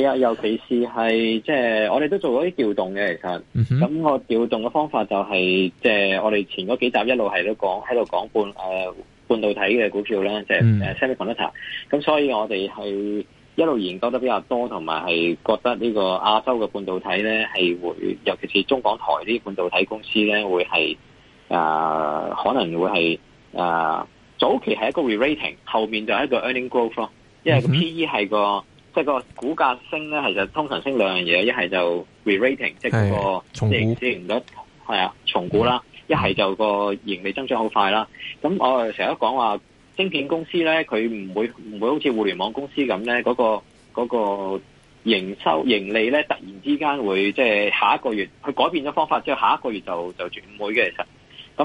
係啊，尤其是係即係我哋都做咗啲調動嘅，其實調。咁我調動嘅方法就係、是，即、就、係、是、我哋前嗰幾集一路係都講喺度講半誒、呃、半導體嘅股票咧，即係誒 semiconductor。咁、mm-hmm. 嗯、所以我哋係一路研究得比較多，同埋係覺得呢個亞洲嘅半導體咧係會，尤其是中港台啲半導體公司咧會係啊、呃，可能會係啊、呃、早期係一個 re-rating，後面就係一個 earning growth 咯，因為個 P/E 係個。即係個股價升咧，其實通常升兩樣嘢，一係就是 re-rating，是即係個即係市盈率，係啊，重估啦。一、嗯、係就是個盈利增長好快啦。咁我成日都講話，芯片公司咧，佢唔會唔會好似互聯網公司咁咧，嗰、那個嗰、那個營收盈利咧，突然之間會即係、就是、下一個月，佢改變咗方法之後，就是、下一個月就就轉唔會嘅。其實，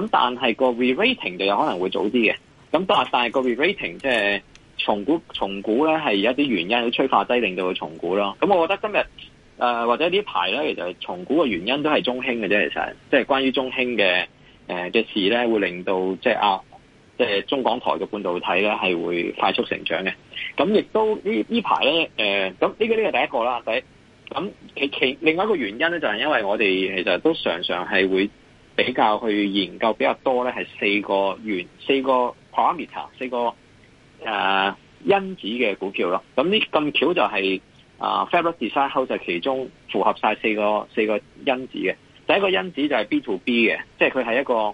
咁但係個 re-rating 就有可能會早啲嘅。咁但係但係個 re-rating 即、就、係、是。重估重估咧係有一啲原因，啲催化劑令到佢重估咯。咁我覺得今日誒、呃、或者呢排咧，其實重估嘅原因都係中興嘅啫。其實即係關於中興嘅誒嘅事咧，會令到即係、就是、啊，即、就、係、是、中港台嘅半導體咧係會快速成長嘅。咁亦都呢呢排咧，咁呢個呢、這個第一個啦，第一，咁其其另外一個原因咧就係、是、因為我哋其實都常常係會比較去研究比較多咧，係四個元四個 parameter 四個。誒、啊、因子嘅股票咯，咁呢咁巧就係、是、啊，Fabless Design House 就其中符合曬四個四個因子嘅。第、就是、一個因子就係 B to B 嘅，即係佢係一個誒、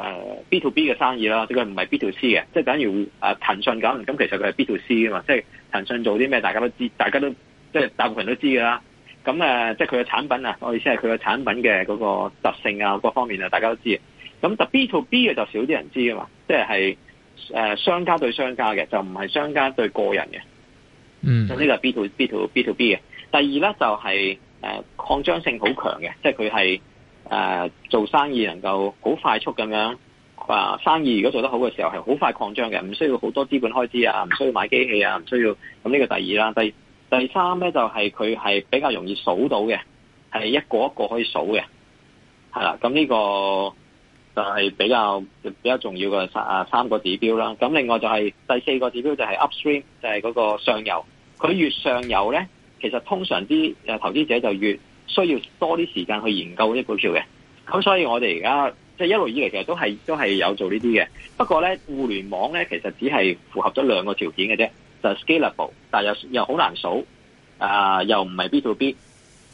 啊、B to B 嘅生意啦，即佢唔係 B to C 嘅，即、就、係、是、等於誒、啊、騰訊咁。咁其實佢係 B to C 啊嘛，即、就、係、是、騰訊做啲咩大家都知，大家都即係、就是、大部分人都知噶啦。咁即係佢嘅產品啊，我意思係佢嘅產品嘅嗰個特性啊，各方面啊，大家都知。咁但 B to B 嘅就少啲人知啊嘛，即係。誒，商家對商家嘅，就唔係商家對個人嘅，嗯，呢個 B to B to B to B 嘅。第二呢，就係、係、誒，擴張性好強嘅，即係佢係誒做生意能夠好快速咁樣，啊、呃，生意如果做得好嘅時候係好快擴張嘅，唔需要好多資本開支啊，唔需要買機器啊，唔需要咁，呢個第二啦。第第三呢就係佢係比較容易數到嘅，係一個一個可以數嘅，係啦。咁呢個。就係比較比較重要嘅三啊三個指標啦。咁另外就係第四個指標就係 upstream，就係嗰個上游。佢越上游咧，其實通常啲呃投資者就越需要多啲時間去研究啲股票嘅。咁所以我哋而家即係一路以嚟其實都係都係有做呢啲嘅。不過咧，互聯網咧其實只係符合咗兩個條件嘅啫，就係 scalable，但係又又好難數、呃、又唔係 B to B。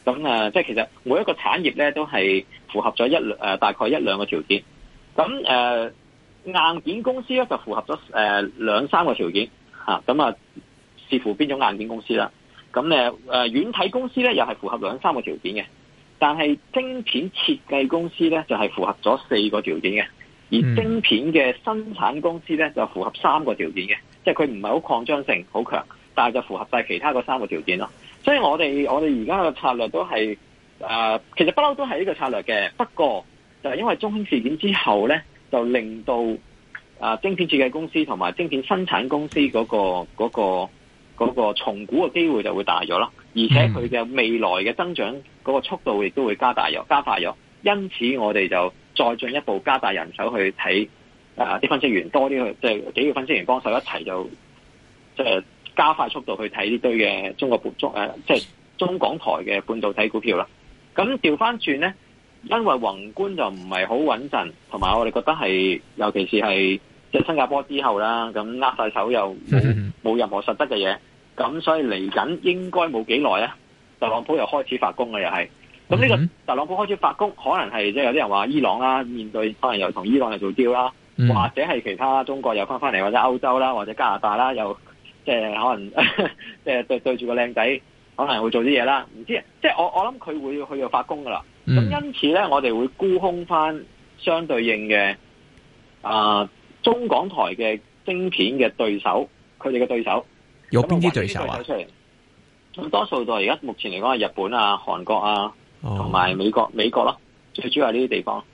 咁、呃、啊，即係其實每一個產業咧都係符合咗一、呃、大概一兩個條件。咁誒、呃，硬件公司咧就符合咗誒兩三個條件吓，咁啊視乎邊種硬件公司啦。咁咧誒，軟體公司咧又係符合兩三個條件嘅，但係晶片設計公司咧就係符合咗四個條件嘅，而晶片嘅生產公司咧就符合三個條件嘅，即係佢唔係好擴張性好強，但係就符合晒其他嗰三個條件咯。所以我哋我哋而家嘅策略都係誒、呃，其實不嬲都係呢個策略嘅，不過。就係因為中興事件之後咧，就令到啊晶片設計公司同埋晶片生產公司嗰個嗰個嗰個重估嘅機會就會大咗啦。而且佢嘅未來嘅增長嗰個速度亦都會加大咗、加快咗。因此我哋就再進一步加大人手去睇啊啲，分析員多啲去，即係幾個分析員幫手一齊就即係加快速度去睇呢堆嘅中國半足，誒，即係中港台嘅半導體股票啦。咁調翻轉咧。因為宏觀就唔係好穩陣，同埋我哋覺得係，尤其是係即係新加坡之後啦，咁握晒手又冇 任何實質嘅嘢，咁所以嚟緊應該冇幾耐咧，特朗普又開始發功嘅又係，咁呢、這個特朗普開始發功，可能係即係有啲人話伊朗啦，面對可能又同伊朗又做招啦， 或者係其他中國又翻翻嚟，或者歐洲啦，或者加拿大啦，又即係、就是、可能即係 對對住個靚仔，可能會做啲嘢啦，唔知即係、就是、我我諗佢會去到發功噶啦。咁、嗯、因此咧，我哋會沽空翻相對應嘅啊、呃，中港台嘅晶片嘅對手，佢哋嘅對手有邊啲對手啊？咁多數對而家目前嚟講係日本啊、韓國啊，同、哦、埋美國美國咯、啊，最主要係呢啲地方。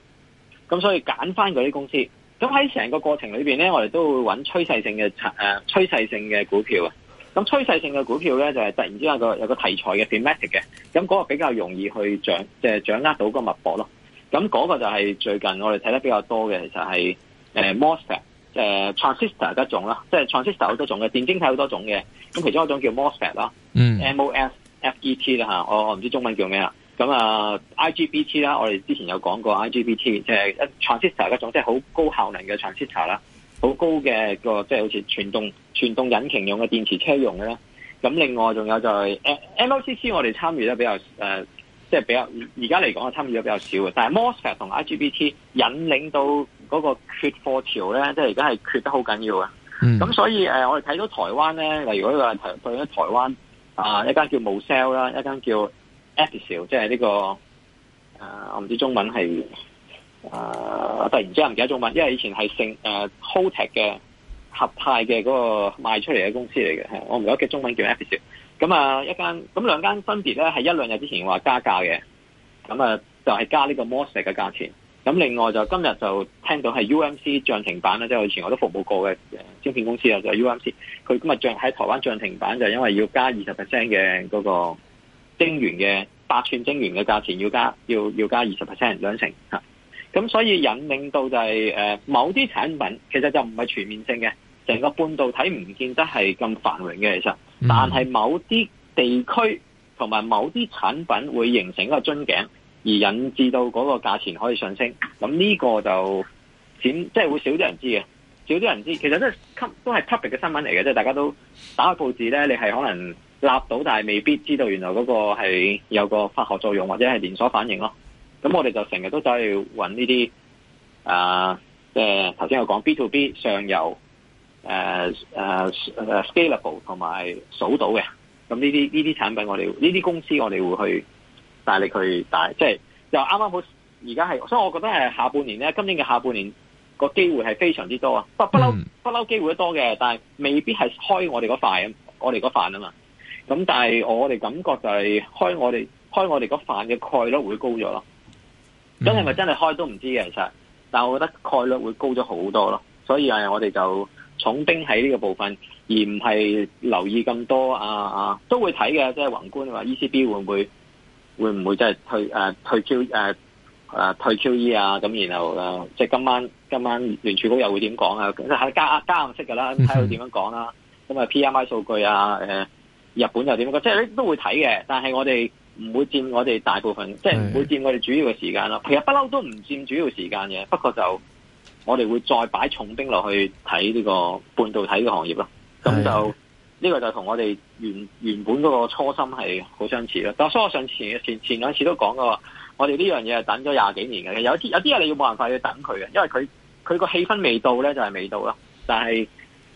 咁所以揀翻嗰啲公司，咁喺成個過程裏面咧，我哋都會揾趨勢性嘅、呃、趨勢性嘅股票啊。咁趨勢性嘅股票咧，就係、是、突然之間有個有個題材嘅 pimatic 嘅，咁、那、嗰個比較容易去掌即係、就是、掌握到個脈搏咯。咁、那、嗰個就係最近我哋睇得比較多嘅，其實係 mosfet transistor 嗰種啦，即、就、係、是、transistor 好多種嘅，電晶體好多種嘅。咁其中一種叫啦、嗯、mosfet 啦，M O S F E T 啦嚇，我我唔知中文叫咩啦。咁啊 I G B T 啦，我哋之前有講過 I G B T，即係 transistor 嗰種，即係好高效能嘅 transistor 啦。高好高嘅個即係好似傳動傳動引擎用嘅電池車用嘅啦。咁另外仲有就係、是、誒 MLCC 我哋參與得比較誒、呃、即係比較而家嚟講嘅參與得比較少嘅，但係 Mosfet 同 IGBT 引領到嗰個缺貨潮咧，即係而家係缺得好緊要啊！咁、嗯、所以誒、呃、我哋睇到台灣咧，例如嗰個對喺台灣啊一間叫 Mosel 啦，一間叫 Episil 即係呢、這個啊、呃、我唔知中文係。誒、啊，突然之間唔記得中文，因為以前係盛誒，Holtek 嘅合泰嘅嗰個賣出嚟嘅公司嚟嘅，我唔記得嘅中文叫 Epis，咁啊一間，咁兩間分別咧係一兩日之前話加價嘅，咁啊就係、是、加呢個摩石嘅價錢，咁另外就今日就聽到係 UMC 漲停板啦，即、就、係、是、以前我都服務過嘅芯片公司啊，就是、UMC，佢今日漲喺台灣漲停板就因為要加二十 percent 嘅嗰個晶圓嘅八寸晶圓嘅價錢要加要要加二十 percent 兩成。咁、嗯、所以引領到就係、是、誒、呃、某啲產品其實就唔係全面性嘅，成個半導體唔見得係咁繁榮嘅其實，但係某啲地區同埋某啲產品會形成一個樽頸，而引致到嗰個價錢可以上升。咁呢個就點即係會少啲人知嘅，少啲人知。其實都係吸都係 topic 嘅新聞嚟嘅，即係大家都打開報紙咧，你係可能立到，但係未必知道原來嗰個係有個化學作用或者係連鎖反應咯。咁我哋就成日都走去揾呢啲啊，即係頭先我講 B to B 上游、啊，誒 scalable 同埋數到嘅，咁呢啲呢啲產品我哋呢啲公司我哋會去大力去帶，即係就啱啱好而家係，所以我覺得係下半年咧，今年嘅下半年個機會係非常之多啊！不不嬲不嬲機會,機會多嘅，但係未必係開我哋嗰瓣，我哋嗰瓣啊嘛。咁但係我哋感覺就係開我哋開我哋嗰瓣嘅概率會高咗咯。咁係咪真係開都唔知嘅其實，但係我覺得概率會高咗好多咯，所以啊，我哋就重兵喺呢個部分，而唔係留意咁多啊啊，都會睇嘅，即係宏觀話，E C B 會唔會會唔會即係退誒、啊、退 Q 誒誒退 Q E 啊？咁、啊、然後誒、啊、即係今晚今晚聯儲局又會點講啊？係加加暗示噶啦，睇佢點樣講啦。咁啊 P M I 數據啊，誒、啊、日本又點樣講？即係都會睇嘅，但係我哋。唔會佔我哋大部分，即係唔會佔我哋主要嘅時間咯。其實不嬲都唔佔主要時間嘅，不過就我哋會再擺重兵落去睇呢個半導體嘅行業咯。咁就呢個就同我哋原原本嗰個初心係好相似咯。但所以我上前前，前兩次都講過，我哋呢樣嘢係等咗廿幾年嘅。有啲有啲嘢你要冇辦法去等佢嘅，因為佢佢個氣氛未到咧就係未到啦。但係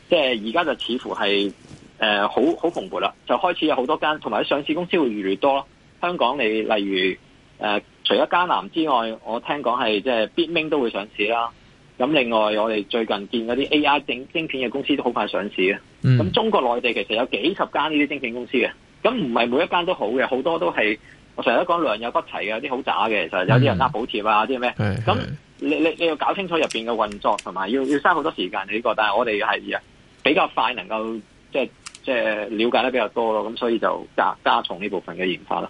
即係而家就似乎係誒好好蓬勃啦，就開始有好多間同埋上市公司會越嚟越多。香港你例如誒、呃，除咗嘉楠之外，我聽講係即係 Bitmain 都會上市啦、啊。咁另外，我哋最近見嗰啲 A I 晶晶片嘅公司都好快上市嘅、啊。咁、嗯、中國內地其實有幾十間呢啲晶片公司嘅、啊，咁唔係每一間都好嘅，好多都係我成日都講良莠不齊嘅，有啲好渣嘅，其實有啲人呃補貼啊，啲、嗯、咩？咁你你你要搞清楚入邊嘅運作，同埋要要嘥好多時間呢、這個但係我哋係比較快能夠即係即係了解得比較多咯，咁所以就加加重呢部分嘅研發啦。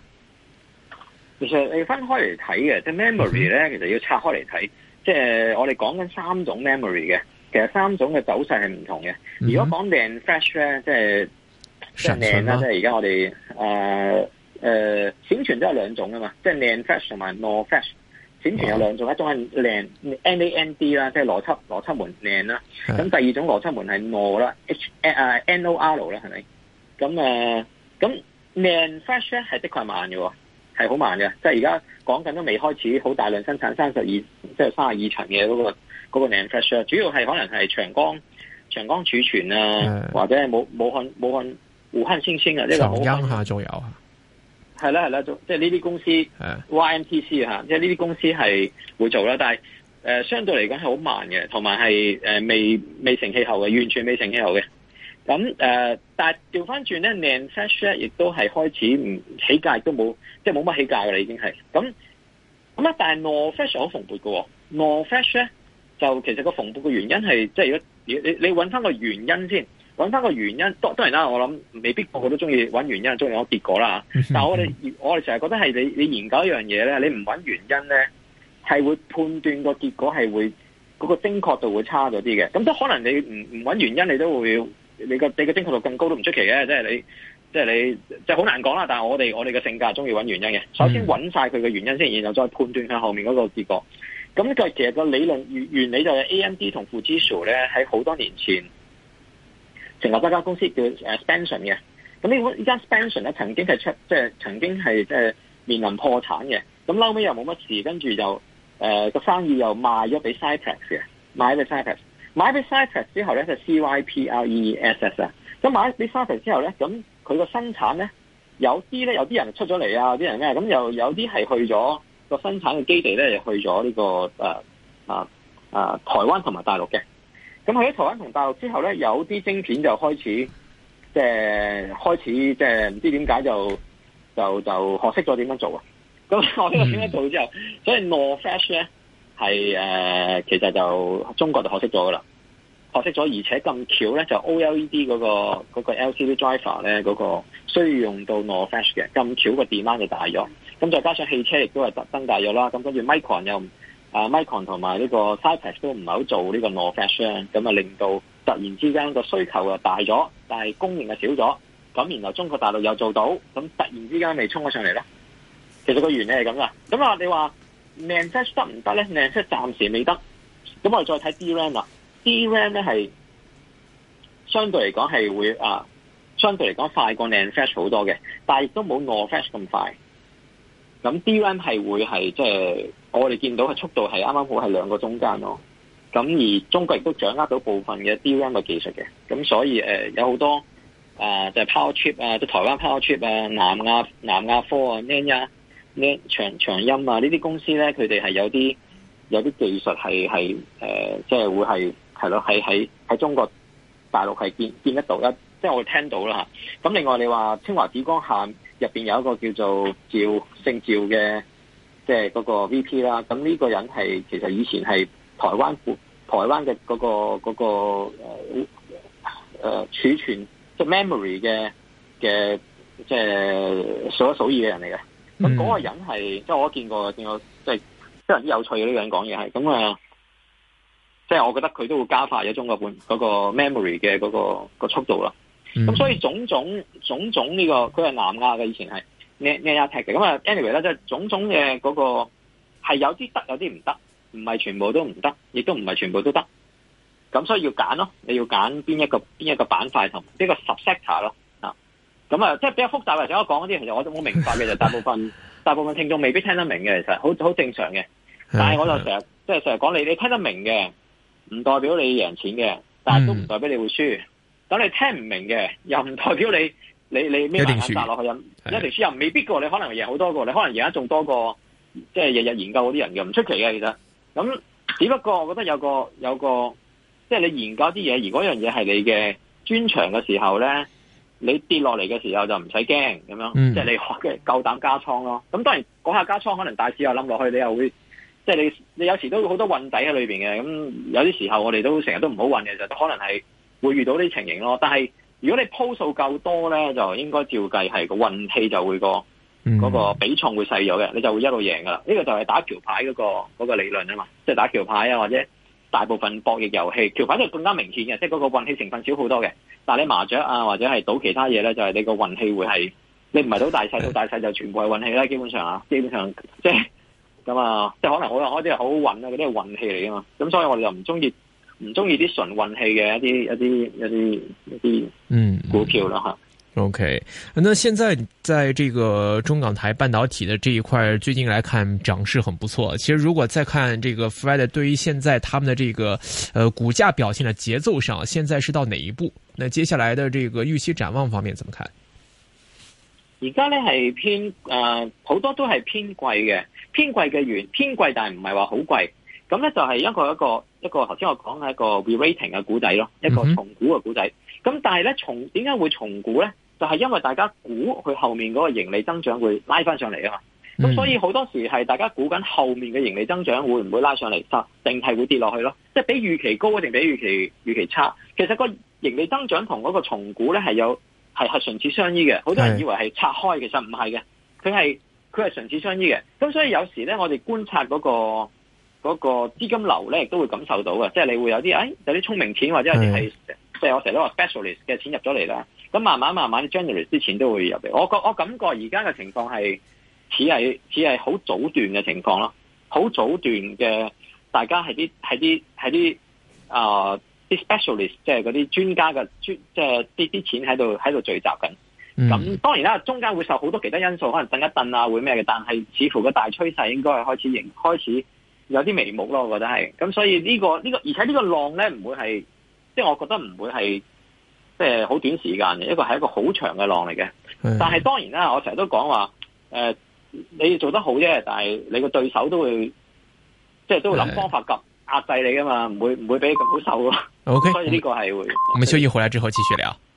其實你分開嚟睇嘅，即 memory 咧，其實要拆開嚟睇、嗯。即係我哋講緊三種 memory 嘅，其實三種嘅走勢係唔同嘅、嗯。如果講 NAND flash 咧，即係即係 NAND 啦，即係而家我哋啊誒閃存都有兩種㗎嘛，即 NAND flash 同埋 NOR flash 閃存有兩種，嗯、一種係 NAND N-A-N-D 啦，即係邏輯邏輯門 NAND 啦。咁第二種邏輯門係 NOR 啦，h N-O-R 啦，係咪？咁、呃、誒咁 NAND flash 咧係的確係慢嘅。係好慢嘅，即係而家講緊都未開始好大量生產三十二，即係三十二層嘅嗰個嗰個 NAND flash 主要係可能係長江、長江儲存啊，是或者係武漢武漢武漢湖漢星星啊，呢個好。江、就是、下仲有啊。係啦係啦，即係呢啲公司 YMTC 吓，即係呢啲公司係會做啦。但係誒、呃、相對嚟講係好慢嘅，同埋係誒未未成氣候嘅，完全未成氣候嘅。咁誒、呃，但係調翻轉咧 Nasdaq 呢，亦都係開始唔起價都冇，即係冇乜起價㗎啦，已經係咁咁啊！但係納斯達克好蓬勃嘅，納斯達克咧就其實個蓬勃嘅原因係，即係如果你你搵翻個原因先，搵翻個原因，當當然啦。我諗未必個個都中意搵原因，中意攞結果啦。 但我哋我哋成日覺得係你你研究一樣嘢咧，你唔搵原因咧，係會判斷個結果係會嗰、嗰個精確度會差咗啲嘅。咁都可能你唔唔揾原因，你都會。你個你個精確度更高都唔出奇嘅，即係你，即係你，即係好難講啦。但係我哋我哋嘅性格中意揾原因嘅。首先揾晒佢嘅原因先，然後再判斷佢後面嗰個結果。咁個其實個理論原原理就係 A.M.D 同富士通咧，喺好多年前成立一間公司叫誒 Spansion 嘅。咁呢個依家 Spansion 咧曾經係出即係曾經係即係面臨破產嘅。咁嬲尾又冇乜事，跟住就誒個、呃、生意又賣咗俾 Cypress 嘅，賣俾 Cypress。買俾 Cypress 之後咧就 CYPRESS 啊，咁買咗俾 Cypress 之後咧，咁佢個生產咧有啲咧有啲人出咗嚟啊，啲人咧咁又有啲係去咗個生產嘅基地咧，去咗呢個誒啊啊台灣同埋大陸嘅。咁去咗台灣同大陸之後咧，有啲晶片就開始即係開始即係唔知點解就就就學識咗點樣做啊。咁學識咗點樣做之後，嗯、所以 NOR Flash 咧。係誒、呃，其實就中國就學識咗噶啦，學識咗，而且咁巧咧，就 OLED 嗰、那個嗰、那個 LCD driver 咧，嗰、那個需要用到 NOR Flash 嘅，咁巧個 demand 就大咗，咁再加上汽車亦、啊、都係增大咗啦，咁跟住 Micron 又啊 Micron 同埋呢個 Cypress 都唔係好做呢個 NOR Flash 咁，啊令到突然之間個需求又大咗，但係供應啊少咗，咁然後中國大陸又做到，咁突然之間未衝咗上嚟咧？其實個原理係咁噶，咁啊你話？NAND flash 得唔得咧？NAND flash 暫時未得，咁我哋再睇 DRAM 啦。DRAM 咧係相對嚟講係會啊，相對嚟講快過 NAND flash 好多嘅，但係亦都冇 NOR flash 咁快。咁 DRAM 係會係即係我哋見到嘅速度係啱啱好係兩個中間咯。咁而中國亦都掌握到部分嘅 DRAM 嘅技術嘅，咁所以、呃、有好多啊、呃，就係、是、PowerChip 啊，即台灣 PowerChip 啊，南亞，南亞科啊，NI 呢長長音啊！呢啲公司咧，佢哋係有啲有啲技術係係誒，即係、呃就是、會係係咯，係喺喺中國大陸係見見得到啦。即、就、係、是、會我聽到啦。咁另外你話，清華紫光下入邊有一個叫做趙姓趙嘅，即係嗰個 V P 啦。咁呢個人係其實以前係台灣台灣嘅嗰、那個嗰、那個誒、呃呃、儲存即 memory 嘅嘅即係數一數二嘅人嚟嘅。咁、那、嗰個人係即係我都見過嘅，見過即係、就是、非常之有趣嘅呢個人講嘢係咁啊，即係、呃就是、我覺得佢都會加快咗中國本嗰個 memory 嘅嗰、那個、那個速度啦。咁、嗯、所以種種種種呢、這個佢係南亞嘅以前係咩咩亞踢嘅咁啊。anyway 咧，即係種種嘅嗰、那個係有啲得有啲唔得，唔係全部都唔得，亦都唔係全部都得。咁所以要揀咯，你要揀邊一個邊一個板塊同邊一個 subsector 咯。咁啊，即係比較複雜嘅，成日講嗰啲，其實我都好明白嘅，就大部分 大部分聽眾未必聽得明嘅，其實好好正常嘅。但係我就成日即係成日講，你你聽得明嘅，唔代表你贏錢嘅，但係都唔代表你會輸。咁、嗯、你聽唔明嘅，又唔代表你你你咩辦法落去，有一定輸又未必過你可能贏好多嘅，你可能贏得仲多過即係日日研究嗰啲人嘅，唔出奇嘅其實。咁只不過我覺得有個有個即係、就是、你研究啲嘢，如果樣嘢係你嘅專長嘅時候咧，你跌落嚟嘅時候就唔使驚咁樣，嗯、即係你學嘅夠膽加倉咯。咁當然嗰下加倉可能大市又冧落去你，即係、你又會即係你你有時都好多運底喺裏面嘅。咁有啲時候我哋都成日都唔好運嘅，就可能係會遇到啲情形咯。但係如果你鋪數夠多咧，就應該照計係個運氣就會個嗰、嗰個比重會細咗嘅，你就會一路贏㗎啦。呢、呢個就係打橋牌嗰、嗰個嗰、嗰個、理論啊嘛，即係打橋牌啊或者。大部分博弈遊戲，佢反正係更加明顯嘅，即係嗰個運氣成分少好多嘅。但係你麻雀啊，或者係賭其他嘢咧，就係、是、你個運氣會係你唔係賭大細，到大細就全部係運氣啦。基本上啊，基本上即係咁啊，即係可能好啦，嗰啲係好運啊，嗰啲係運氣嚟噶嘛。咁所以我哋就唔中意唔中意啲純運氣嘅一啲一啲一啲一啲嗯股票啦嚇。嗯嗯 OK，那現在在這個中港台半導體的這一塊，最近來看漲勢很不錯。其實如果再看這個 Fred 對於現在他們的這個呃股價表現的節奏上，現在是到哪一步？那接下來的這個預期展望方面怎麼看？而家呢係偏呃好多都係偏貴嘅，偏貴嘅原偏貴，但係唔係話好貴。咁呢就係一個一個一個頭先我講嘅一個 re-rating 嘅股仔咯，一個重估嘅股仔。咁、嗯、但係呢重，點解會重估呢？就係、是、因為大家估佢後面嗰個盈利增長會拉翻上嚟啊嘛，咁所以好多時係大家估緊後面嘅盈利增長會唔會拉上嚟，得定係會跌落去咯？即係比預期高定比預期預期差？其實個盈利增長同嗰個重估咧係有係係唇齒相依嘅，好多人以為係拆開，其實唔係嘅，佢係佢係唇齒相依嘅。咁所以有時咧，我哋觀察嗰、嗰個嗰、嗰個、資金流咧，亦都會感受到嘅，即係你會有啲誒、哎、有啲聰明錢或者有啲係即係我成日都話 specialist 嘅錢入咗嚟啦。咁慢慢慢慢，January 之前都會入嚟。我我感覺而家嘅情況係似係似係好早段嘅情況咯，好早段嘅大家係啲係啲係啲呃啲 specialist，即係嗰啲專家嘅專即係啲啲錢喺度喺度聚集緊。咁、嗯、當然啦，中間會受好多其他因素，可能震一震啊，會咩嘅。但係似乎個大趨勢應該係開始形開始有啲眉目咯，我覺得係。咁所以呢個呢個，而且呢個浪咧唔會係，即係我覺得唔會係。即係好短時間嘅，一個係一個好長嘅浪嚟嘅。但係當然啦，我成日都講話，誒、呃，你做得好啫，但係你個對手都會，即係都會諗方法夾壓制你噶嘛，唔會唔會俾你咁好受咯。OK，所以呢個係會。我哋休息回來之後繼續聊。